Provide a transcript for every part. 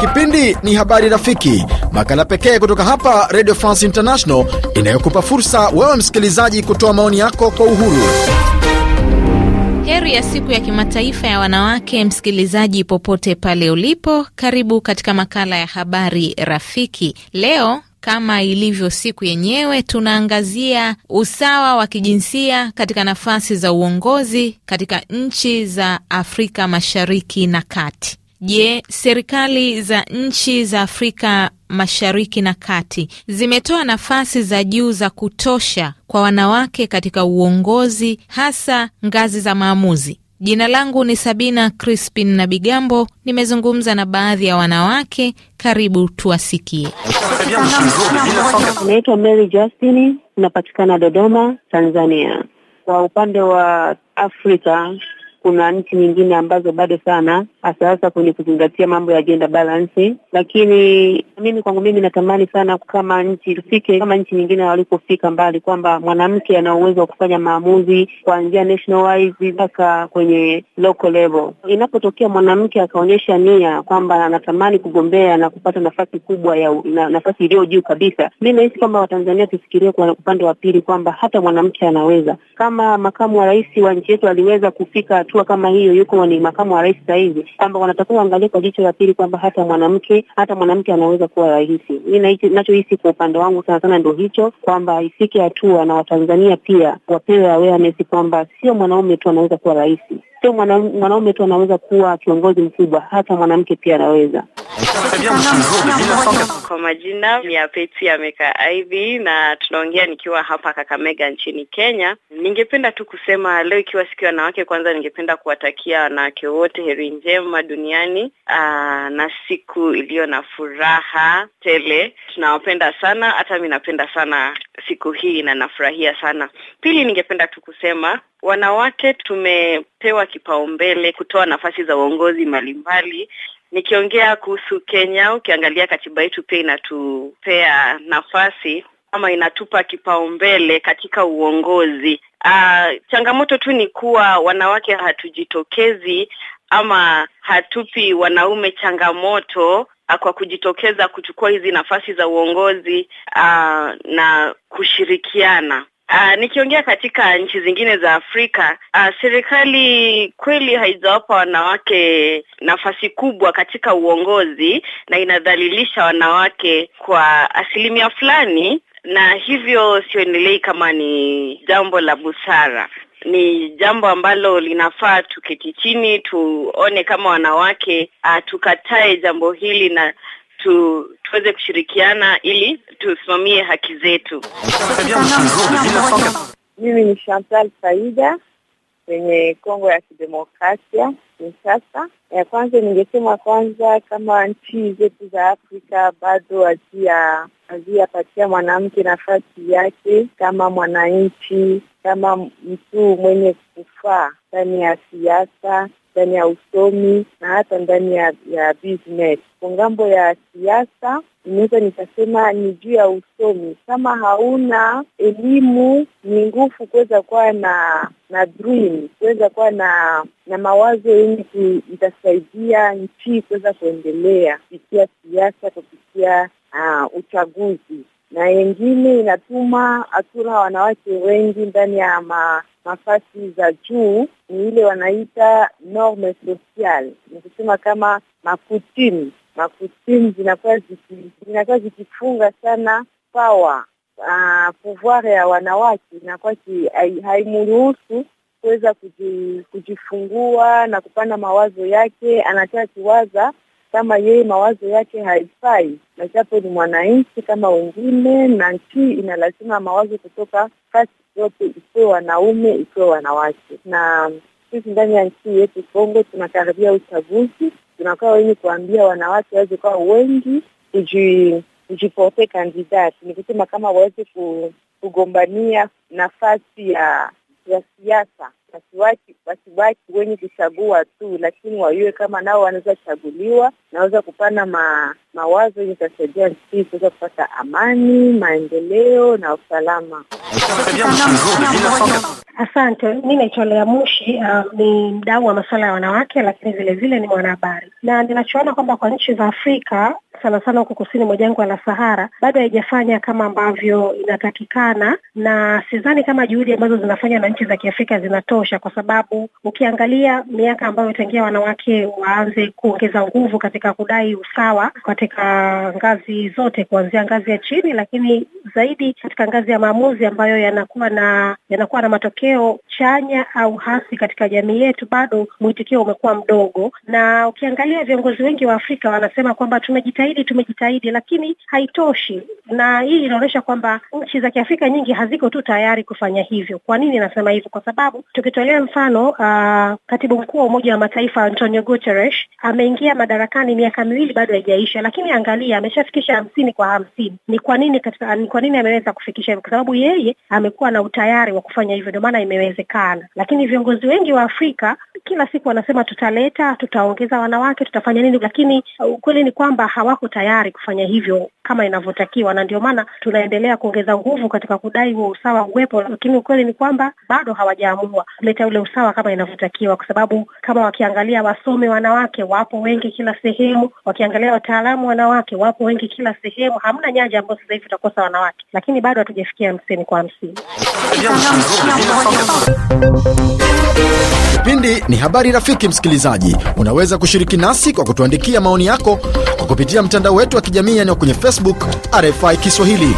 Kipindi ni Habari Rafiki, makala pekee kutoka hapa Radio France International inayokupa fursa wewe msikilizaji kutoa maoni yako kwa uhuru. Heri ya siku ya kimataifa ya wanawake, msikilizaji popote pale ulipo, karibu katika makala ya habari rafiki. Leo kama ilivyo siku yenyewe, tunaangazia usawa wa kijinsia katika nafasi za uongozi katika nchi za Afrika Mashariki na Kati. Je, serikali za nchi za Afrika Mashariki na Kati zimetoa nafasi za juu za kutosha kwa wanawake katika uongozi hasa ngazi za maamuzi? Jina langu ni Sabina Crispin na Bigambo. Nimezungumza na baadhi ya wanawake, karibu tuwasikie. Naitwa Mary Justini, unapatikana Dodoma, Tanzania. Kwa upande wa Afrika kuna nchi nyingine ambazo bado sana hasa hasa kwenye kuzingatia mambo ya gender balancing. Lakini mimi kwangu mimi natamani sana kama nchi tufike kama nchi nyingine walikofika mbali, kwamba mwanamke ana uwezo wa kufanya maamuzi kuanzia national wise mpaka kwenye local level. Inapotokea mwanamke akaonyesha nia kwamba anatamani kugombea na kupata nafasi kubwa ya na, nafasi iliyo juu kabisa, mi nahisi kwamba Watanzania tufikirie kwa upande wa pili kwamba hata mwanamke anaweza. Kama makamu wa rais wa nchi yetu aliweza kufika hatua kama hiyo, yuko ni makamu wa rais sahizi kwamba wanatakiwa waangalie kwa jicho la pili kwamba hata mwanamke hata mwanamke anaweza kuwa rahisi Mimi ninachohisi kwa upande wangu sana sana ndio hicho, kwamba ifike hatua na Watanzania pia wapewe awareness kwamba sio mwanaume tu anaweza kuwa rahisi sio mwanaume tu anaweza kuwa kiongozi mkubwa, hata mwanamke pia anaweza. Kwa majina ni Apeti Ameka Ivy na tunaongea nikiwa hapa Kakamega nchini Kenya. Ningependa tu kusema leo, ikiwa siku ya wanawake, kwanza ningependa kuwatakia wanawake wote heri njema duniani aa, na siku iliyo na furaha tele. Tunawapenda sana, hata mi napenda sana siku hii na nafurahia sana. Pili, ningependa tu kusema wanawake tumepewa kipaumbele kutoa nafasi za uongozi mbalimbali. Nikiongea kuhusu Kenya, ukiangalia katiba yetu pia inatupea nafasi ama inatupa kipaumbele katika uongozi. Aa, ah, changamoto tu ni kuwa wanawake hatujitokezi ama hatupi wanaume changamoto Ah, kwa kujitokeza kuchukua hizi nafasi za uongozi aa, ah, na kushirikiana. Ah, nikiongea katika nchi zingine za Afrika, aa, serikali kweli haijawapa wanawake nafasi kubwa katika uongozi na inadhalilisha wanawake kwa asilimia fulani na hivyo sioendelei kama ni jambo la busara ni jambo ambalo linafaa tuketi chini tuone kama wanawake uh, tukatae jambo hili na tu, tuweze kushirikiana ili tusimamie haki zetu. Mimi ni Chantal Faida kwenye Kongo ya Kidemokrasia Kinshasa. Ya kwanza ningesema kwanza, kama nchi zetu za Afrika bado haziyapatia mwanamke nafasi yake kama mwananchi, kama mtu mwenye kufaa ndani ya siasa ndani ya usomi na hata ndani ya, ya business. Kwa ngambo ya siasa, inaweza nikasema ni juu ya usomi. Kama hauna elimu, ni nguvu kuweza kuwa na na dream, kuweza kuwa na na mawazo yenye itasaidia nchi kuweza kuendelea kupitia siasa, kupitia uh, uchaguzi na yengine inatuma hatuna wanawake wengi ndani ya ma nafasi za juu ni ile wanaita norme social, ni kusema kama makutimi. Makutimi zinakuwa ziki, zinakuwa zikifunga sana pawa uh, pouvoir ya wanawake inakuwa haimruhusu kuweza kujifungua na kupanda mawazo yake, anataka kiwaza kama yeye mawazo yake haifai, na japo ni mwananchi kama wengine, na nchi ina lazima mawazo kutoka fasi yote ikiwe wanaume ikiwe wanawake. Na sisi ndani ya nchi yetu Kongo tunakaribia uchaguzi, tunakuwa wenye kuambia wanawake waweze kuwa wengi kujiporte kandidati, ni kusema kama waweze kugombania nafasi ya ya siasa wasibaki wenye kuchagua tu, lakini wajue kama nao wanaweza chaguliwa, naweza kupana ma mawazo itasaidia nchi kuweza kupata amani, maendeleo na usalama. Asante. Mi naitwa Lea Mushi. Uh, ni mdau wa masuala ya wanawake, lakini vile vile ni mwanahabari, na ninachoona kwamba kwa nchi za Afrika sana sana huko kusini mwa jangwa la Sahara bado haijafanya kama ambavyo inatakikana, na sidhani kama juhudi ambazo zinafanywa na nchi za Kiafrika zinatosha, kwa sababu ukiangalia miaka ambayo itaingia wanawake waanze kuongeza nguvu katika kudai usawa kwa katika ngazi zote kuanzia ngazi ya chini, lakini zaidi katika ngazi ya maamuzi ambayo yanakuwa na yanakuwa na matokeo chanya au hasi katika jamii yetu, bado mwitikio umekuwa mdogo. Na ukiangalia viongozi wengi wa Afrika wanasema kwamba tumejitahidi, tumejitahidi, lakini haitoshi, na hii inaonyesha kwamba nchi za Kiafrika nyingi haziko tu tayari kufanya hivyo. Kwa nini nasema hivyo? Kwa sababu tukitolea mfano uh, katibu mkuu wa Umoja wa Mataifa Antonio Guterres ameingia madarakani miaka miwili bado haijaisha lakini angalia, ameshafikisha hamsini kwa hamsini. Ni kwa nini katika, ni kwa nini ameweza kufikisha hivyo? Kwa sababu yeye amekuwa na utayari wa kufanya hivyo, ndio maana imewezekana. Lakini viongozi wengi wa Afrika kila siku wanasema tutaleta, tutaongeza wanawake, tutafanya nini, lakini ukweli ni kwamba hawako tayari kufanya hivyo kama inavyotakiwa, na ndio maana tunaendelea kuongeza nguvu katika kudai huo usawa uwepo, lakini ukweli ni kwamba bado hawajaamua kuleta ule usawa kama inavyotakiwa, kwa sababu kama wakiangalia wasomi wanawake wapo wengi kila sehemu, wakiangalia wataalamu wanawake wapo wengi kila sehemu. Hamna nyanja ambayo sasa hivi tutakosa wanawake, lakini bado hatujafikia hamsini kwa hamsini. Kipindi ni habari rafiki msikilizaji, unaweza kushiriki nasi kwa kutuandikia maoni yako kwa kupitia mtandao wetu wa kijamii yaani kwenye Facebook RFI Kiswahili.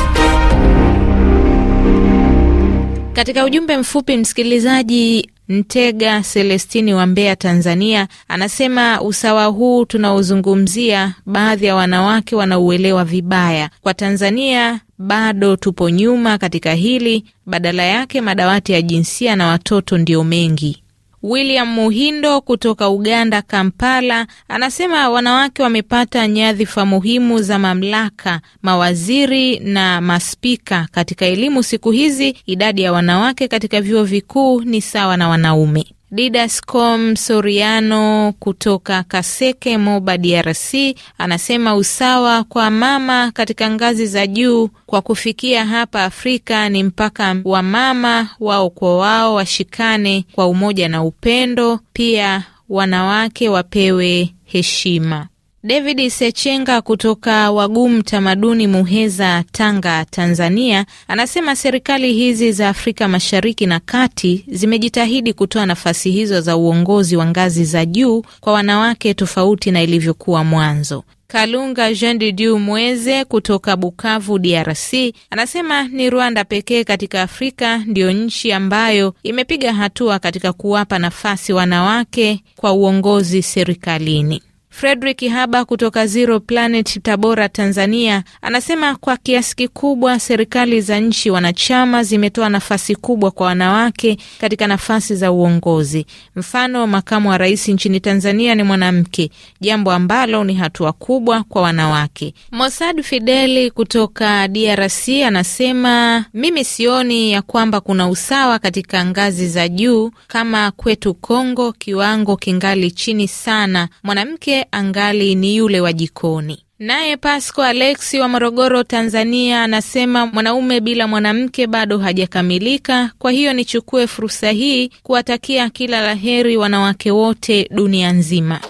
Katika ujumbe mfupi msikilizaji Ntega Selestini wa Mbeya, Tanzania, anasema usawa huu tunaozungumzia baadhi ya wanawake wanauelewa vibaya. Kwa Tanzania bado tupo nyuma katika hili, badala yake madawati ya jinsia na watoto ndio mengi. William Muhindo kutoka Uganda, Kampala, anasema wanawake wamepata nyadhifa muhimu za mamlaka, mawaziri na maspika. Katika elimu siku hizi idadi ya wanawake katika vyuo vikuu ni sawa na wanaume. Didascom Soriano kutoka Kaseke, Moba, DRC anasema usawa kwa mama katika ngazi za juu kwa kufikia hapa Afrika ni mpaka wa mama wao kwa wao washikane kwa umoja na upendo, pia wanawake wapewe heshima. David Sechenga kutoka Wagumu Tamaduni, Muheza, Tanga, Tanzania, anasema serikali hizi za Afrika Mashariki na Kati zimejitahidi kutoa nafasi hizo za uongozi wa ngazi za juu kwa wanawake tofauti na ilivyokuwa mwanzo. Kalunga Jean de Dieu Mweze kutoka Bukavu, DRC, anasema ni Rwanda pekee katika Afrika ndiyo nchi ambayo imepiga hatua katika kuwapa nafasi wanawake kwa uongozi serikalini fredrik Haba kutoka Zero Planet Tabora, Tanzania, anasema kwa kiasi kikubwa serikali za nchi wanachama zimetoa nafasi kubwa kwa wanawake katika nafasi za uongozi. Mfano, makamu wa rais nchini Tanzania ni mwanamke, jambo ambalo ni hatua kubwa kwa wanawake. Mosad Fideli kutoka DRC anasema mimi sioni ya kwamba kuna usawa katika ngazi za juu. Kama kwetu Kongo, kiwango kingali chini sana. Mwanamke angali ni yule wa jikoni. Naye Pasco Alexi wa Morogoro, Tanzania, anasema mwanaume bila mwanamke bado hajakamilika. Kwa hiyo nichukue fursa hii kuwatakia kila laheri wanawake wote dunia nzima.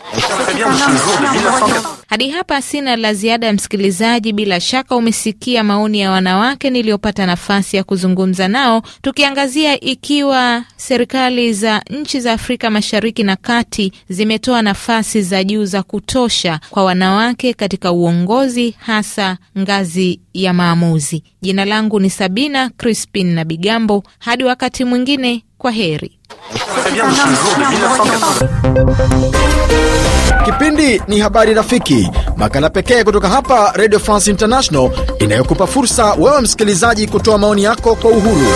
Hadi hapa sina la ziada ya msikilizaji. Bila shaka umesikia maoni ya wanawake niliyopata nafasi ya kuzungumza nao, tukiangazia ikiwa serikali za nchi za Afrika Mashariki na Kati zimetoa nafasi za juu za kutosha kwa wanawake katika uongozi, hasa ngazi ya maamuzi. Jina langu ni Sabina Crispin na Bigambo. Hadi wakati mwingine, kwa heri. Kipindi ni Habari Rafiki makala pekee kutoka hapa Radio France International inayokupa fursa wewe msikilizaji kutoa maoni yako kwa uhuru.